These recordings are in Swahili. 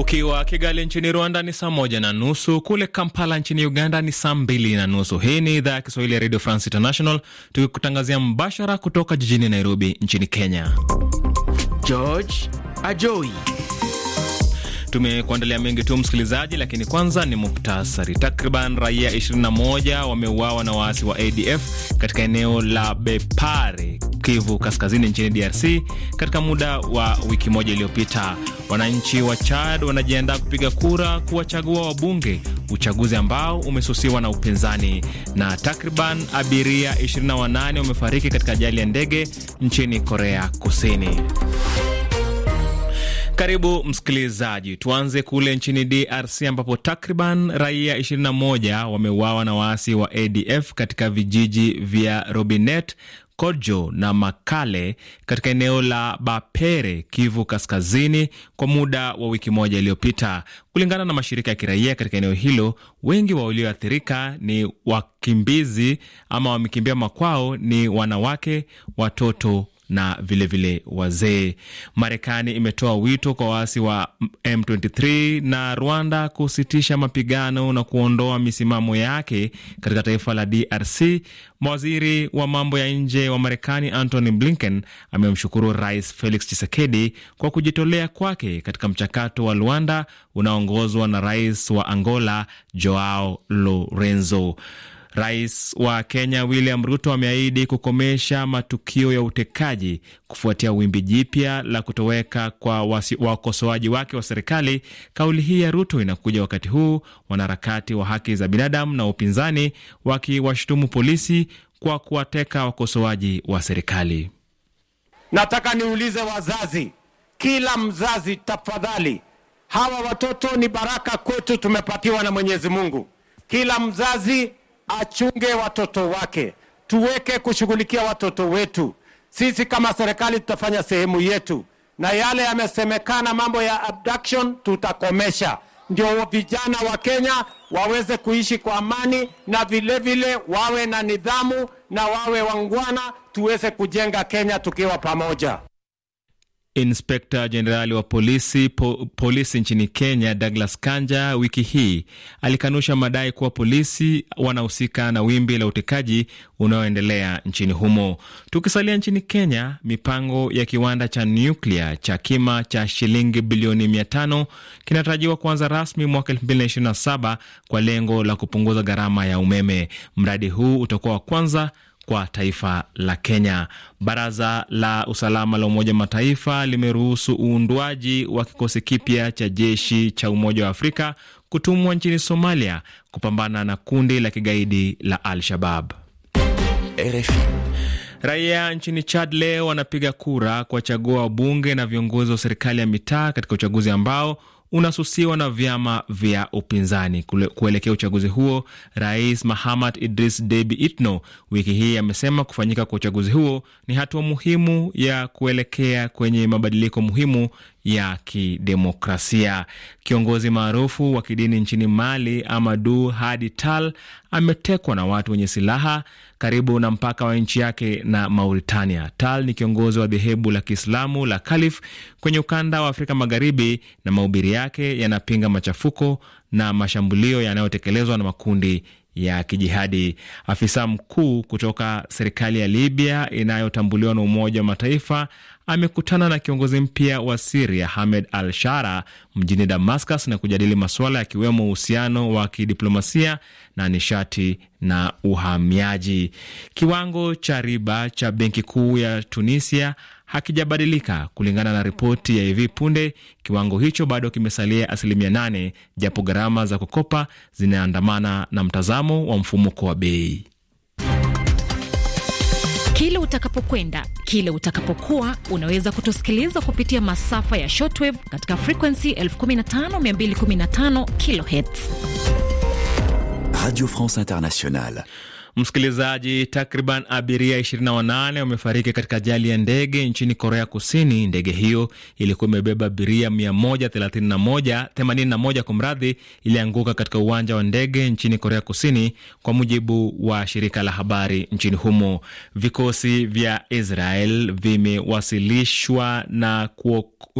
Ukiwa Kigali nchini Rwanda ni saa moja na nusu, kule Kampala nchini Uganda ni saa mbili na nusu. Hii ni idhaa ya Kiswahili ya Radio France International tukikutangazia mbashara kutoka jijini Nairobi nchini Kenya. George Ajoi tumekuandalia mengi tu msikilizaji, lakini kwanza ni muktasari. Takriban raia 21 wameuawa na waasi wa ADF katika eneo la Bepare Kivu Kaskazini nchini DRC katika muda wa wiki moja iliyopita. Wananchi wa Chad wanajiandaa kupiga kura kuwachagua wabunge, uchaguzi ambao umesusiwa na upinzani. Na takriban abiria 28 wamefariki katika ajali ya ndege nchini Korea Kusini. Karibu msikilizaji, tuanze kule nchini DRC ambapo takriban raia 21 wameuawa na waasi wa ADF katika vijiji vya Robinet, Kojo na Makale katika eneo la Bapere, Kivu Kaskazini, kwa muda wa wiki moja iliyopita. Kulingana na mashirika ya kiraia katika eneo hilo, wengi wa walioathirika ni wakimbizi ama wamekimbia makwao, ni wanawake, watoto na vilevile wazee. Marekani imetoa wito kwa waasi wa M23 na Rwanda kusitisha mapigano na kuondoa misimamo yake katika taifa la DRC. Mawaziri wa mambo ya nje wa Marekani Antony Blinken amemshukuru Rais Felix Tshisekedi kwa kujitolea kwake katika mchakato wa Rwanda unaoongozwa na rais wa Angola Joao Lorenzo. Rais wa Kenya William Ruto ameahidi kukomesha matukio ya utekaji kufuatia wimbi jipya la kutoweka kwa wakosoaji wake wa serikali. Kauli hii ya Ruto inakuja wakati huu wanaharakati wa haki za binadamu na upinzani wakiwashutumu polisi kwa kuwateka wakosoaji wa serikali. Nataka niulize wazazi, kila mzazi tafadhali, hawa watoto ni baraka kwetu, tumepatiwa na Mwenyezi Mungu. Kila mzazi achunge watoto wake, tuweke kushughulikia watoto wetu. Sisi kama serikali tutafanya sehemu yetu, na yale yamesemekana mambo ya abduction tutakomesha, ndio vijana wa Kenya waweze kuishi kwa amani na vilevile vile wawe na nidhamu na wawe wangwana, tuweze kujenga Kenya tukiwa pamoja. Inspekta Jenerali wa polisi, po, polisi nchini Kenya Douglas Kanja wiki hii alikanusha madai kuwa polisi wanahusika na wimbi la utekaji unaoendelea nchini humo. Tukisalia nchini Kenya, mipango ya kiwanda cha nyuklia cha kima cha shilingi bilioni 500 kinatarajiwa kuanza rasmi mwaka 2027 kwa lengo la kupunguza gharama ya umeme. Mradi huu utakuwa wa kwanza kwa taifa la Kenya. Baraza la usalama la Umoja Mataifa limeruhusu uundwaji wa kikosi kipya cha jeshi cha Umoja wa Afrika kutumwa nchini Somalia kupambana na kundi la kigaidi la Al-Shabab. Raia nchini Chad leo wanapiga kura kuwachagua wabunge na viongozi wa serikali ya mitaa katika uchaguzi ambao unasusiwa na vyama vya upinzani kuelekea uchaguzi huo. Rais Mahamad Idris Debi Itno wiki hii amesema kufanyika kwa uchaguzi huo ni hatua muhimu ya kuelekea kwenye mabadiliko muhimu ya kidemokrasia. Kiongozi maarufu wa kidini nchini Mali, Amadu Hadi Tal, ametekwa na watu wenye silaha karibu na mpaka wa nchi yake na Mauritania. Tal ni kiongozi wa dhehebu la Kiislamu la Kalif kwenye ukanda wa Afrika Magharibi, na mahubiri yake yanapinga machafuko na mashambulio yanayotekelezwa na makundi ya kijihadi. Afisa mkuu kutoka serikali ya Libya inayotambuliwa na Umoja wa Mataifa amekutana na kiongozi mpya wa Siria Hamed al Shara mjini Damascus na kujadili masuala yakiwemo uhusiano wa kidiplomasia na nishati na uhamiaji. Kiwango cha riba cha benki kuu ya Tunisia hakijabadilika. Kulingana na ripoti ya hivi punde, kiwango hicho bado kimesalia asilimia nane, japo gharama za kukopa zinaandamana na mtazamo wa mfumuko wa bei. Kile utakapokwenda kile utakapokuwa, unaweza kutusikiliza kupitia masafa ya shortwave katika frekuensi 15215 kilohertz. Radio France Internationale. Msikilizaji, takriban abiria 28 wamefariki katika ajali ya ndege nchini Korea Kusini. Ndege hiyo ilikuwa imebeba abiria 131 kwa mradhi, ilianguka katika uwanja wa ndege nchini Korea Kusini, kwa mujibu wa shirika la habari nchini humo. Vikosi vya Israel vimewasilishwa na,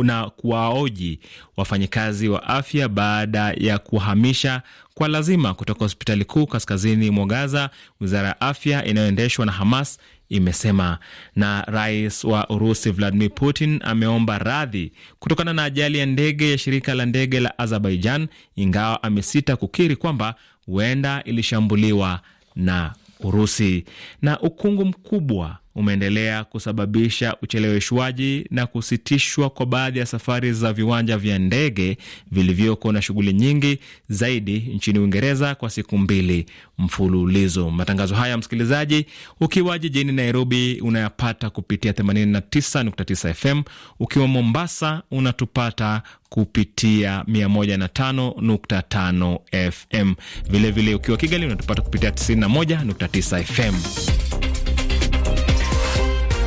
na kuwaoji wafanyikazi wa afya baada ya kuhamisha kwa lazima kutoka hospitali kuu kaskazini mwa Gaza, wizara ya afya inayoendeshwa na Hamas imesema. Na rais wa Urusi Vladimir Putin ameomba radhi kutokana na ajali ya ndege ya shirika la ndege la Azerbaijan, ingawa amesita kukiri kwamba huenda ilishambuliwa na Urusi. Na ukungu mkubwa umeendelea kusababisha ucheleweshwaji na kusitishwa kwa baadhi ya safari za viwanja vya ndege vilivyoko na shughuli nyingi zaidi nchini Uingereza kwa siku mbili mfululizo. Matangazo haya msikilizaji, ukiwa jijini Nairobi unayapata kupitia 89.9 FM, ukiwa Mombasa unatupata kupitia 105.5 FM, vilevile ukiwa Kigali unatupata kupitia 91.9 FM.